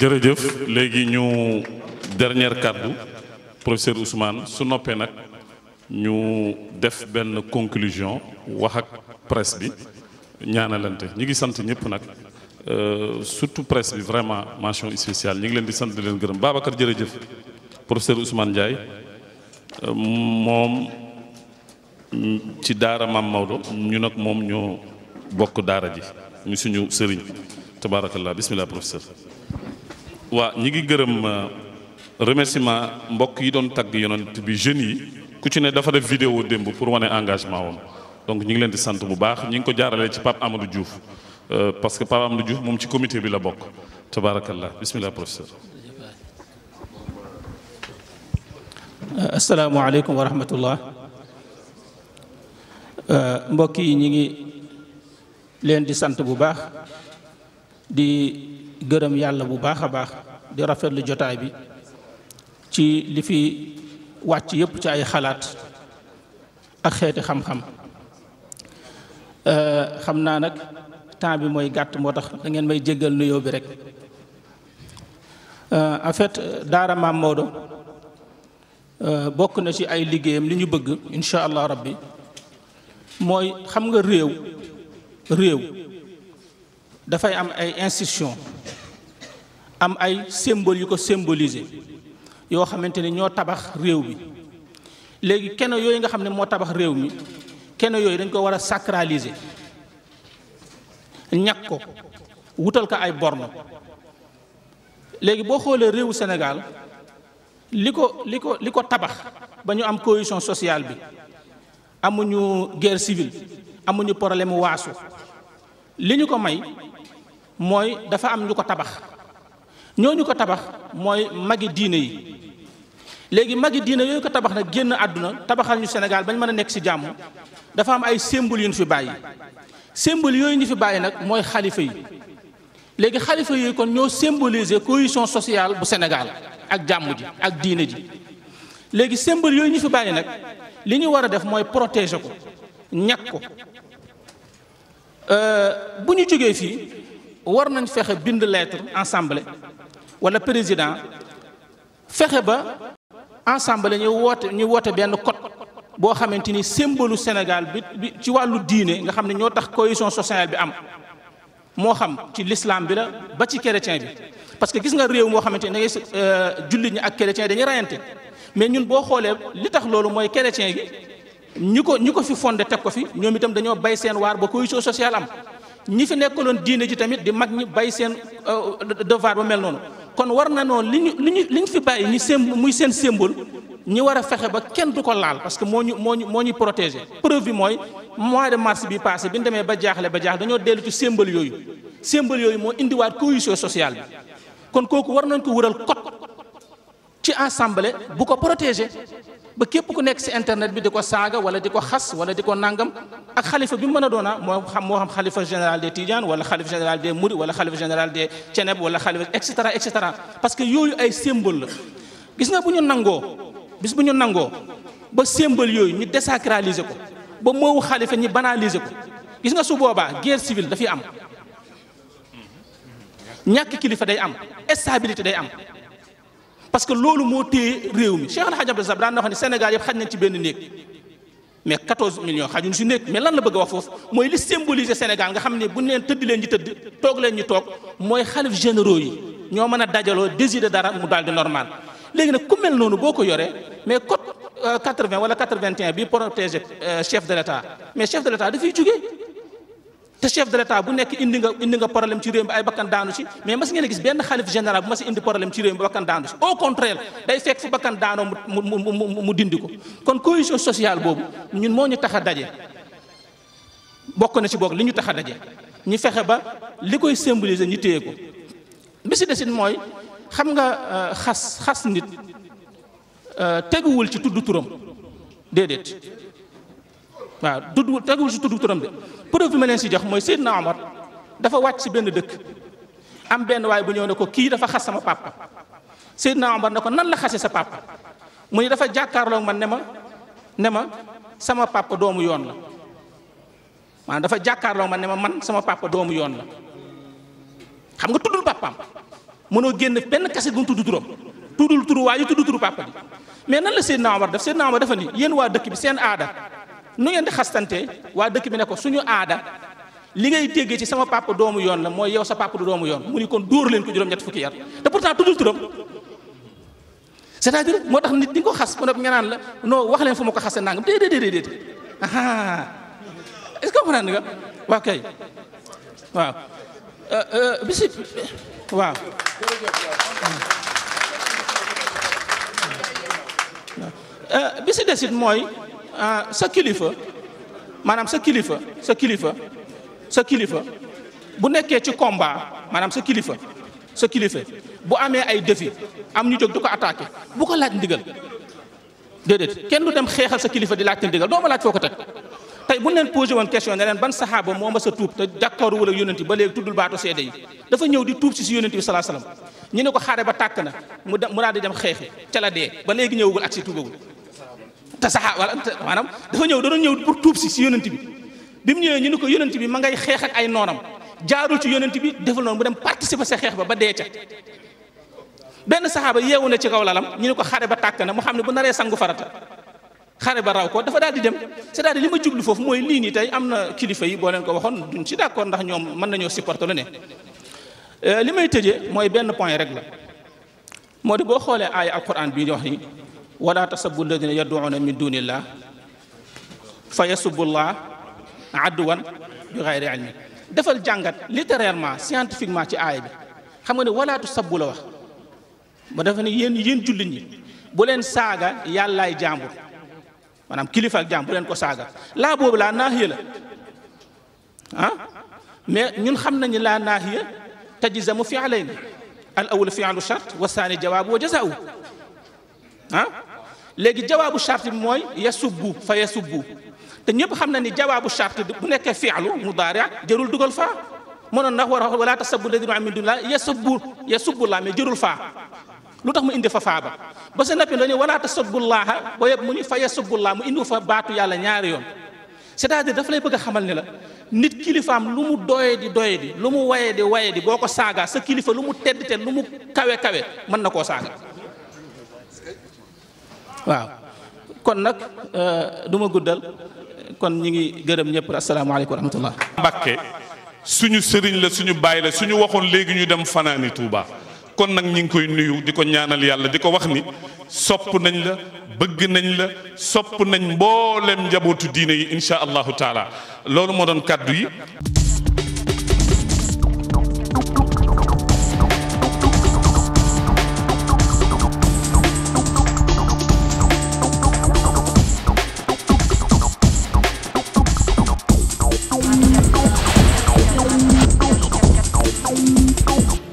jërëjëf léegi ñu dernière kàddu professeur Ousmane su noppee nag ñu def benn conclusion wax ak presse bi ñaanalante ñi ngi sant ñëpp nag euh, surtout presse bi vraiment mention spéciale ñi ngi leen di sant di leen gërëm Babacar jërëjëf professeur Ousmane Ndiaye euh, moom ci daara Maam Maodo ñu nag moom ñoo bokk daara ji ñu suñu sëriñ tabaarakallah bismillah professeur waa ñi ngi gërëm euh, remerciement mbokk yi doon tag yonent bi jeunes yi ku ci ne dafa def vidéo démb pour wane engagement wam donc ñu ngi leen di sant bu baax ñi ngi ko jaarale ci Pape Amadou Diouf euh, parce que Pape Amadou Diouf moom ci comité bi la bokk tabaarakallah bismillah professeur euh, asalaamaaleykum wa rahmatullah mbokk yi ñi ngi leen di sant bu baax gërëm yàlla bu baax a baax di rafetlu jotaay bi ci li fi wàcc yépp ci ay xalaat ak xeeti xam-xam euh, xam naa nag temps bi mooy gàtt moo tax da ngeen may jéggal nuyoo bi rek euh, en fait daara Maam Maodo euh, bokk na ci ay liggéeyam li ñu bëgg incha allah rabbi mooy xam nga réew réew dafay am ay instition am ay symbole yu ko symboliser yoo xamante ni ñoo tabax réew mi léegi keno yooyu nga xam ne moo tabax réew mi keno yooyu dañ ko war a sacraliser ñàkk ko wutal ko ay borne léegi boo xoolee réewu Sénégal li ko li ko li ko tabax ba ñu am cohésion sociale bi amuñu guerre civile amuñu problème waasu li ñu ko may mooy dafa am ñu ko tabax ñooñu ko tabax mooy magi diine yi léegi magi diine yooyu ko tabax nag génn àdduna tabaxal ñu Sénégal bañ mën a nekk ci jàmm dafa am ay symbole yu ñu fi bàyyi symbole yooyu ñu fi bàyyi nag mooy xalifa yi léegi xalifa yooyu kon ñoo symboliser cohésion sociale bu Sénégal ak jàmm ji ak diine ji léegi symbole yooyu ñu fi bàyyi nag li ñu war a def mooy protéger ko ñàkk ko euh, bu ñu jógee fii war nañ fexe bind lettre ensemble wala président fexe ba ensemble ñu woote ñu woote benn code boo xamante ni symbole Sénégal bi bi ci wàllu diine nga xam ne ñoo tax cohésion sociale bi am moo xam ci lislaam bi la ba ci chrétien bi parce que gis nga réew moo xamante ne dangay jullit ñi ak chrétien dañu rayante mais ñun boo xoolee li tax loolu mooy chrétien gi ñi ko ñi ko fi fonde teg ko fi ñoom itam dañoo bay seen waar ba cohésion sociale am ñi fi loon diine ji tamit di mag ñi bay seen devoir ba mel noonu kon war na noonu li ñu li ñu li ñu fi bàyyi ñu sém muy seen symbole ñi war a fexe ba kenn du ko laal parce que moo ñu moo ñu moo ñu protégé preuve bi mooy mois de mars bi passé bi ñu demee ba jaaxle ba jaax dañoo dellu ci symbole yooyu symbole yooyu moo indiwaat cohésion sociale bi kon kooku war nañ ko wural code ci assemblée bu ko protégé ba képp ku nekk si internet bi di ko saaga wala di ko xas wala di ko nangam ak xalifa bi mu mën a doona ah moo xam moo xam xalifa général des Tidiane wala xalifa général des Mourides wala xalifa général de Ceneb wala xalifa et cetera et cetera parce que yooyu ay symbole la gis nga bu ñu nangoo bis bu ñu nangoo ba symbole yooyu ñu désacraliser ko ba moowu xalifa ñi banaliser ko gis nga su boobaa guerre civile dafay am ñàkk kilifa day am stabilité day am parce que loolu moo téye réew mi Cheikh Al Hadj Abdou Sab na wax ne Sénégal yëpp xaj nañ ci benn néeg mais 14 millions xajuñ si néeg mais lan la bëgg a wax foofu mooy li symboliser Sénégal nga xam ne buñ leen tëdd leen ñu tëdd toog leen ñu toog mooy xalif généraux yi ñoo mën a dajaloo décider dara mu daal di normal léegi nag ku mel noonu boo ko yore mais code 80 euh, wala 81 bi protégé euh, chef de l' état mais chef de l' dafay jugee te chef de l'état bu nekk indi nga indi nga problème ci réew mi ay bakkan daanu ci mais mas ngeen a gis benn xalif général bu mas a indi problème ci réew mi bakkan daanu ci au contraire day fekk fu bakkan daanoo mu mu mu dindi ko kon cohésion sociale boobu ñun moo ñu tax a daje bokk na ci boog li ñu tax daje ñu fexe ba li koy symboliser ñu téye ko bi si desit mooy xam nga euh, xas xas nit euh, teguwul ci tudd turam déedéet waa tudd teguwul si tudd turam de preuve bi ma leen si jox mooy Seydina Omar dafa wàcc si benn dëkk am benn waay bu ñëw ne ko kii dafa xas sama papa Seydina Omar ne ko nan la xase sa papa mu ne dafa jàkkaarloog man ne ma ne ma sama papa doomu yoon la maanaam dafa jàkkaarloog man ne ma man sama papa doomu yoon la xam nga tuddul papaam mënoo génn benn kaset bu mu tudd turam tuddul turu waa yi tudd turu papa bi mais nan la Seydina Omar def Seydina Omar dafa ni yéen waa dëkk bi seen aada. nu ngeen di xastante waa dëkk bi ne ko suñu aada li ngay déggee ci sama papa doomu yoon la mooy yow sa papa du doomu yoon mu ni kon dóor leen ko juróom-ñett fukki yar te pourtant tuddul turam c'est-à-dire moo tax nit di ko xas mu ne nga naan la non wax leen fu ma ko xasee nangam déedéet déedéet déedéet nga waaw kay waaw euh, euh, bisi waaw euh, desit mooy Ah, sa kilifa maanaam sa kilifa sa kilifa sa kilifa bu nekkee ci combat maanaam sa kilifa sa kilifa bu amee ay défi am ñu jóg di ko attaqué bu ko laaj ndigal déedéet kenn du dem xeexal sa kilifa di laajte ndigal doo laaj foo ko teg tey bu ñu leen posé woon question ne leen ban saxaaba moo ma sa tuub te d'accord wala yonent ba léegi tuddul baatu seede yi dafa ñëw di tuub si si yonent bi salaa ñu ne ko xaare ba tàkk na mu dem mu daal di dem xeexi ca la dee ba léegi ñëwagul ak si tuubagul te saxaa wala maanaam dafa ñëw doon ñëw pour tuub si si yonent bi bi mu ñëwee ñu ne ko yonent bi ma ngay xeex ak ay noonam jaarul ci yonent bi deful noonu bu dem participer sa xeex ba ba dee ca benn saxaaba yeewu na ci kaw lalam ñu ne ko xare ba tàkk na mu xam ne bu naree sangu farata xare ba raw ko dafa daal di dem c'est-à-dire li ma jublu foofu mooy lii nii tey am na kilifa yi boo leen ko waxoon duñ ci d'accord ndax ñoom mën nañoo supporter lu ne euh, li may tëjee mooy benn point rek la moo di boo xoolee aaya alquran bii di wax wala tasabbu alladina yadduuna min dunillah bi xayri ilmi defal jàngat littérairement scientifiquement ci aaya bi xam nga ne wala tasabbu la wax ba dafa ne yéen yéen jullit ñi bu leen saaga yàllaay jàmbur maanaam kilifa ak leen ko saaga laa boobu laa naahiya la ah mais ñun xam nañu laa naahiya tajizamu fi'layn al awwal fi'lu shart wa saani jawaabu wa jazaa'u ah léegi jawaabu charte bi mooy yasubbu fa bu te ñëpp xam na ni jawaabu charte bu nekk nekkee fi'lu mudaari jërul dugal fa mënoon na war a wax wala tasabbu ladina min dunillah yasubbu yasubbu laa mais jërul faa lu tax mu indi fa faaba ba sa nappi dañu wala tasabbu laaha ba yëpp mu ñu fa yasubbu laa mu indi fa baatu yàlla ñaari yoon c'est-à-dire dafa lay bëgg a xamal ni la nit kilifaam lu mu doye di doye di lu mu waye di waye di boo ko saaga sa kilifa lu mu tedd te lu mu kawe kawe mën na koo saaga waaw kon nag euh, du ma guddal kon ñi ngi gërëm ñëpp asalaamaaleykum wa rahmatullah Mbàkke suñu sëriñ la suñu baay la suñu waxoon léegi ñuy dem fanaani Touba kon nag ñi ngi koy nuyu di ko ñaanal yàlla di ko wax ni sopp nañ la bëgg nañ la sopp nañ mboolem njabootu diine yi incha allahu taala loolu moo doon kàddu yi